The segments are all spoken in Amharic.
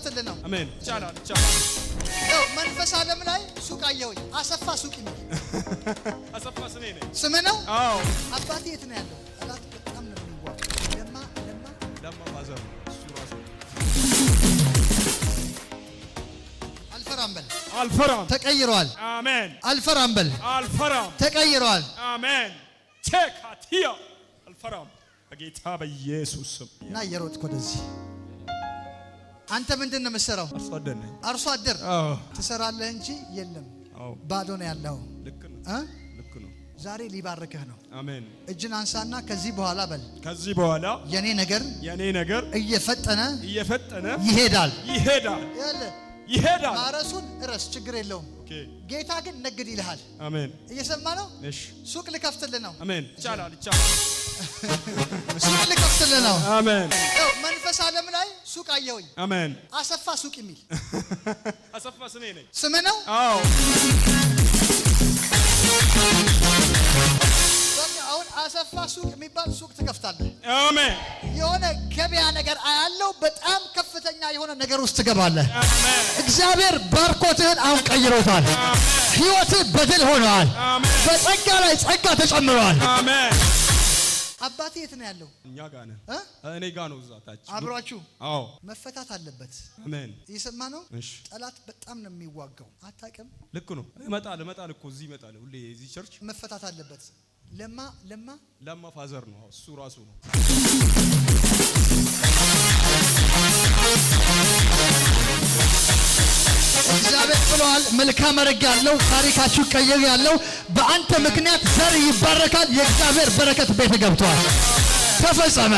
ሊከፍትልን ነው። አሜን። ይቻላል፣ ይቻላል። ያው መንፈስ ዓለም ላይ ሱቅ አየሁኝ። አሰፋ ሱቅ ይመ አሰፋ ስሜ ነው፣ ስም ነው። አዎ፣ አባቴ የት ነው ያለው? አላት በጣም ነው የሚዋቅ ለማ ለማ ለማ ማዘር እሱ ራሱ አልፈራም በል ተቀይሯል። አሜን። አልፈራም በል አልፈራም። ተቀይሯል። አሜን። ቼክ አትያ አልፈራም በጌታ በኢየሱስ ስም እና እየሮጥኩ ወደዚህ አንተ ምንድን ነው የምትሰራው? አርሶ አደር ነኝ። አርሶ አደር ትሰራለህ እንጂ የለም ባዶ ነው ያለው። ልክ ነው። ዛሬ ሊባርክህ ነው። አሜን። እጅን አንሳና ከዚህ በኋላ በል፣ ከዚህ በኋላ የኔ ነገር የኔ ነገር እየፈጠነ እየፈጠነ ይሄዳል ይሄዳል ይሄዳል። ማረሱን እረስ፣ ችግር የለውም። ጌታ ግን ነግድ ይልሃል። አሜን። እየሰማ ነው። እሺ፣ ሱቅ ልከፍትልህ ነው። አሜን። ይቻላል፣ ይቻላል። ሱቅ ልከፍትልህ ነው። አሜን። መንፈስ ዓለም ላይ ሱቅ አየሁኝ። አሜን። አሰፋ ሱቅ የሚል አሰፋ ስሜ ነኝ። ስም ነው? አዎ። አሁን አሰፋ ሱቅ የሚባል ሱቅ ትከፍታለህ። አሜን። የሆነ ገበያ ነገር አያለው። በጣም ከፍተኛ የሆነ ነገር ውስጥ ትገባለህ። እግዚአብሔር ባርኮትህን አሁን ቀይሮታል። ህይወትህ በድል ሆነዋል። በጸጋ ላይ ጸጋ ተጨምረዋል። አባቴ የት ነው ያለው? እኛ ጋ ነህ። እኔ ጋ ነው እዛ ታች አብሯችሁ። አዎ መፈታት አለበት። አሜን። እየሰማ ነው። ጠላት በጣም ነው የሚዋጋው። አታውቅም። ልክ ነው። እመጣለሁ እመጣለሁ እኮ እዚህ እመጣለሁ። ሁሌ እዚህ ቸርች መፈታት አለበት። ለማ ለማ ለማ ፋዘር ነው እሱ ራሱ ነው ቀጥለዋል። መልካም አረግ ያለው ታሪካችሁ ቀየር ያለው በአንተ ምክንያት ዘር ይባረካል። የእግዚአብሔር በረከት ቤት ገብተዋል። ተፈጸመ።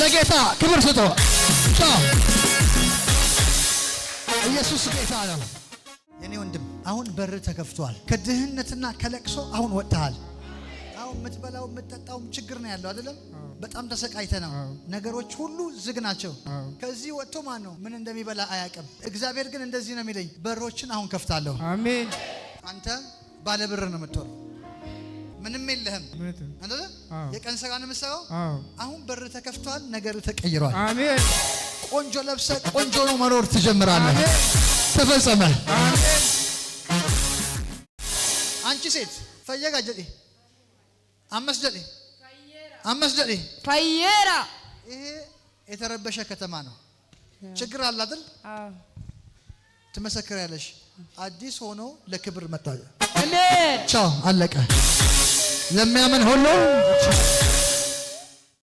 ለጌታ ክብር ስጦ ኢየሱስ ጌታ ነው። የኔ ወንድም አሁን በር ተከፍቷል። ከድህነትና ከለቅሶ አሁን ወጥተሃል። አሁን የምትበላው የምትጠጣውም ችግር ነው ያለው አይደለም በጣም ተሰቃይተ ነው። ነገሮች ሁሉ ዝግ ናቸው። ከዚህ ወጥቶ ማን ነው ምን እንደሚበላ አያውቅም። እግዚአብሔር ግን እንደዚህ ነው የሚለኝ፣ በሮችን አሁን ከፍታለሁ። አሜን። አንተ ባለብር ነው የምትሆነው። ምንም የለህም የቀን ስራ ነው የምትሰራው። አሁን በር ተከፍቷል። ነገር ተቀይሯል። አሜን። ቆንጆ ለብሰ ቆንጆ ነው መኖር ትጀምራለህ። ተፈጸመ። አንቺ ሴት ፈየጋ ጀጤ አመስ ጀጤ አምስት ደቂ ይሄ የተረበሸ ከተማ ነው። ችግር አለ አይደል? ትመሰክሪያለሽ። አዲስ ሆኖ ለክብር መጣ። አሜን። ቻው አለቀ። ለሚያምን ሁሉ